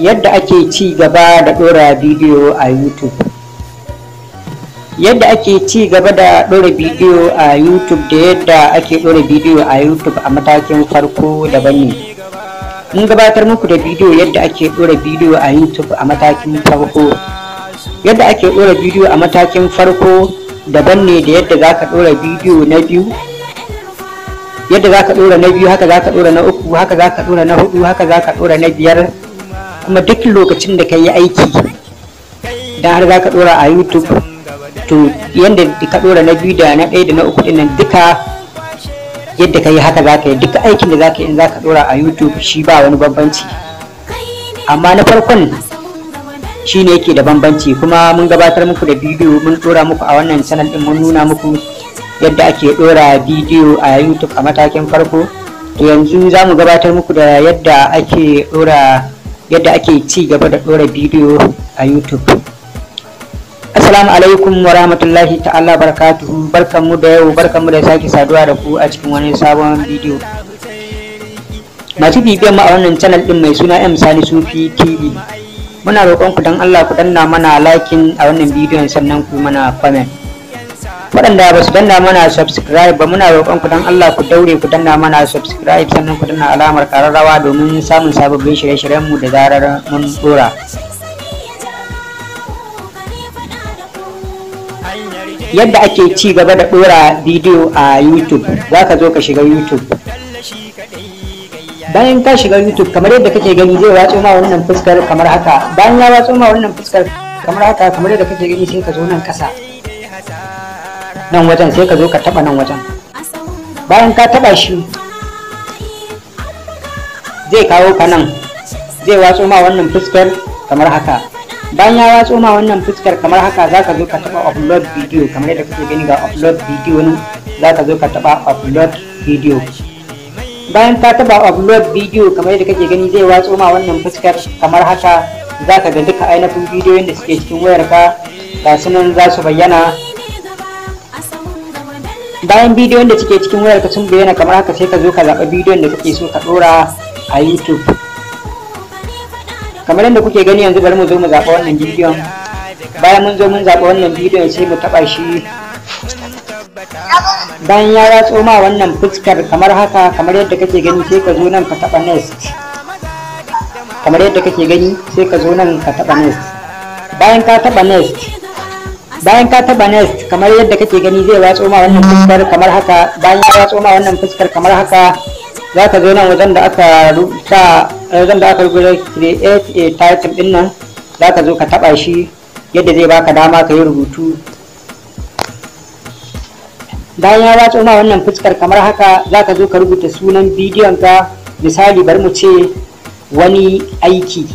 yadda ake ci gaba da ɗora bidiyo a youtube yadda ake ci gaba da ɗora bidiyo a youtube da yadda ake ɗora bidiyo a youtube a matakin farko daban ne mun gabatar muku da bidiyo yadda ake ɗora bidiyo a youtube a matakin farko yadda ake ɗora bidiyo a matakin farko daban ne da yadda za ka ɗora bidiyo na biyu yadda za ka ɗora na biyu haka za ka ɗora na uku haka za ka ɗora na hudu haka za ka ɗora na biyar kuma duk lokacin da ka yi aiki da har za ka dora a youtube to yadda ka dora na biyu da na ɗaya da na uku dinnan duka yadda ka yi haka za ka yi duka aikin da za ka yi in za ka dora a youtube shi ba wani bambanci amma na farkon shi ne yake da bambanci kuma mun gabatar muku da bidiyo mun dora muku a wannan sanar din mun nuna muku yadda ake dora bidiyo a youtube a matakin farko to yanzu za mu gabatar muku da yadda ake dora yadda ake ci gaba da ɗora bidiyo a youtube assalamu alaikum wa rahmatullahi ta'ala barakatuhu barkanmu da yau barkanmu da sake saduwa da ku a cikin wani sabon bidiyo masu bibiyan mu a wannan channel din mai suna m sani sufi tv muna roƙon ku dan allah ku danna mana lakin a wannan bidiyon sannan ku mana comment waɗanda ba su danna mana subscribe ba muna roƙon ku dan Allah ku daure ku danna mana subscribe sannan ku danna alamar kararrawa domin samun sababbin shirye-shiryen mu da zarar mun dora yadda ake ci gaba da dora bidiyo a youtube za ka zo ka shiga youtube bayan ka shiga youtube kamar yadda kake gani zai watso ma wannan fuskar kamar haka bayan ya watso ma wannan fuskar kamar haka kamar yadda kake gani sai ka zo nan kasa nan wajen sai ka zo ka taba nan wajen bayan ka taba shi zai kawo ka nan zai watso ma wannan fuskar kamar haka bayan ya watso ma wannan fuskar kamar haka za ka zo ka taba upload video kamar yadda kuke gani ga upload video nan za ka zo ka taba upload video bayan ka taba upload video kamar yadda kake gani zai watso ma wannan fuskar kamar haka za ka ga duka ainihin bidiyoyin da suke cikin wayarka ga su nan za su bayyana bayan bidiyon da suke cikin wayarka sun bayyana kamar haka sai ka zo ka zaɓa bidiyon da kake so ka ɗora a youtube kamar yadda kuke gani yanzu bari mu zo mu zaɓa wannan bidiyon bayan mun zo mun zaɓa wannan bidiyon sai mu taɓa shi bayan ya ratso ma wannan fuskar kamar haka kamar yadda kake gani sai ka zo nan ka taɓa next kamar yadda kake gani sai ka zo nan ka taɓa next bayan ka taɓa next bayan ka taba nest kamar yadda kake gani zai watso ma wannan fuskar kamar haka bayan ya watso ma wannan fuskar kamar haka za ka zo nan wajen da aka rubuta eh, wajen da aka rubuta create a title din nan za ka zo ka taba shi yadda zai baka dama ka yi rubutu bayan ya watso ma wannan fuskar kamar haka za ka zo ka rubuta sunan bidiyon ka misali bari mu ce wani aiki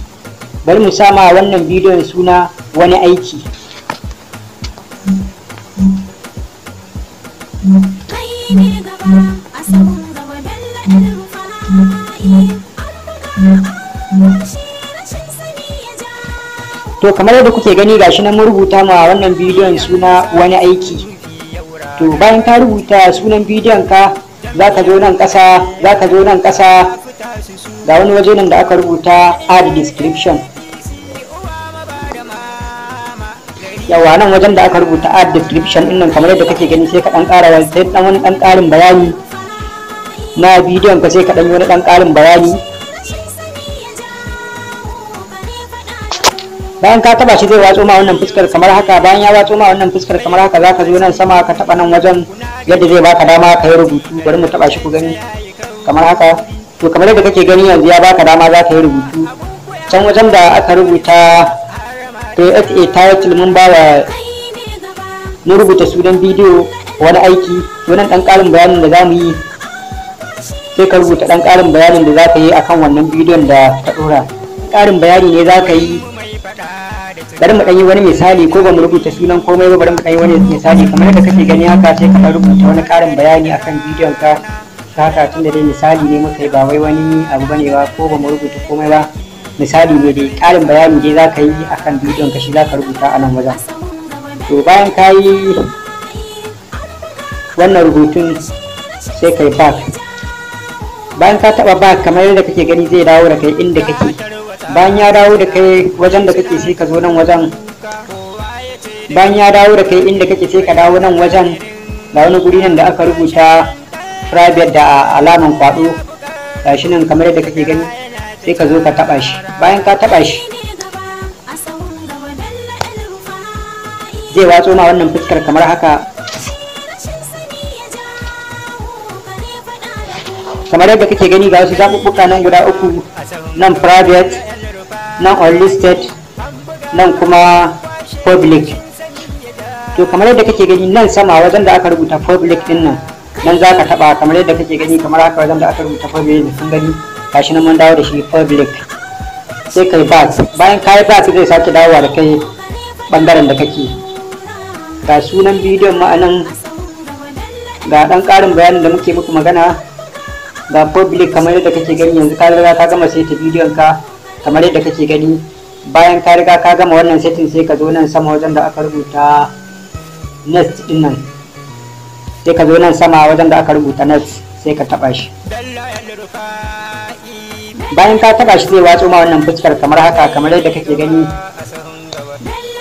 bari mu sama wannan bidiyon suna wani aiki to kamar yadda kuke gani gashi na mun rubuta ma wannan bidiyon suna wani aiki to bayan ka rubuta sunan bidiyon ka za zo nan kasa zaka zo nan kasa ga wani waje nan da aka rubuta add description yawa nan wajen da aka rubuta add description din nan kamar yadda kake gani sai ka dan ƙara sai dan wani dan ƙarin bayani na bidiyon ka sai ka dan yi wani dan ƙarin bayani bayan ka taba shi zai watso ma wannan fuskar kamar haka bayan ya watso ma wannan fuskar kamar haka zaka zo nan sama ka taba nan wajen yadda zai baka dama ka yi rubutu bari mu taba shi ku gani kamar haka to kamar yadda kake gani yanzu ya baka dama za ka yi rubutu can wajen da aka rubuta to ta yi mun ba wa mun rubuta sunan bidiyo wani aiki to nan dan karin bayanin da zamu yi sai ka rubuta dan karin bayanin da zaka yi akan wannan bidiyon da ka dora karin bayani ne zaka yi bari mu yi wani misali ko ba mu rubuta sunan komai ba bari mu yi wani misali kamar yadda kake gani haka sai ka rubuta wani karin bayani akan bidiyon ka haka tun da dai misali ne muka yi ba wai wani abu bane ba ko ba mu rubuta komai ba misali ne dai ƙarin bayani dai za ka yi kan bidiyon ka shi za ka rubuta a nan wajen to bayan ka yi wannan rubutun sai ka yi back bayan ka taɓa back kamar yadda kake gani zai dawo da kai inda kake bayan ya dawo da kai wajen da kake sai ka zo nan wajen bayan ya dawo da kai inda kake sai ka dawo nan wajen ga wani guri nan da aka rubuta private da alaman kwado gashi nan kamar yadda kake gani sai ka zo ka taɓa shi bayan ka taɓa shi zai watso ma wannan fuskar kamar haka kamar yadda kake gani ga wasu zaɓuɓɓuka nan guda uku nan private nan unlisted nan kuma public to kamar yadda kake gani nan sama wajen da aka rubuta public din nan nan za ka taɓa kamar yadda kake gani kamar haka wajen da aka rubuta public sun gani gashi na mun dawo da shi public sai kai back bayan kai back zai sake dawowa da kai bangaren da kake ga sunan bidiyon ma'anan ga dan karin bayanin da muke muku magana ga public kamar yadda kake gani yanzu ka riga ka gama saita bidiyon ka kamar yadda kake gani bayan ka riga ka gama wannan setting sai ka zo nan sama wajen da aka rubuta next din nan sai ka zo nan sama wajen da aka rubuta next sai ka taba shi bayan ka taba shi zai watso ma wannan fuskar kamar haka kamar yadda kake gani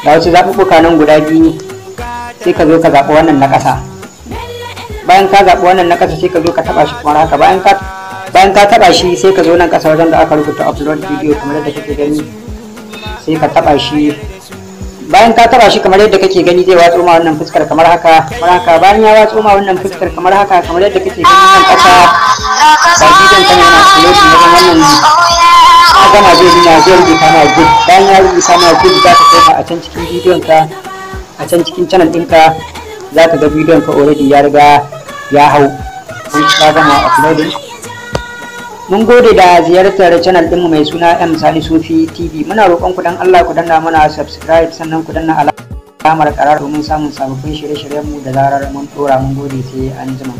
ga wasu zaɓuɓɓuka nan guda biyu sai ka zo ka zaɓi wannan na ƙasa bayan ka zaɓi wannan na ƙasa sai ka zo ka taba shi kamar haka bayan ka bayan ka taba shi sai ka zo nan ƙasa wajen da aka rubuta upload video kamar yadda kake gani sai ka taba shi bayan ka taba shi kamar yadda kake gani zai watso ma wannan fuskar kamar haka kamar haka bayan ya watso ma wannan fuskar kamar haka kamar yadda kake gani nan ƙasa ba gidan kan yana upload na magana zai nuna zai rubuta ma good bayan ya rubuta ma good za ka koma a can cikin bidiyon ka a can cikin channel ɗinka za ka ga bidiyon ka already ya riga ya hau kun ka gama uploading mun gode da ziyartar channel ɗinmu mai suna M Sani Sufi TV muna roƙon ku dan Allah ku danna mana subscribe sannan ku danna alamar ƙarar domin samun sababbin shirye-shiryenmu da zarar mun ɗora mun gode sai an jima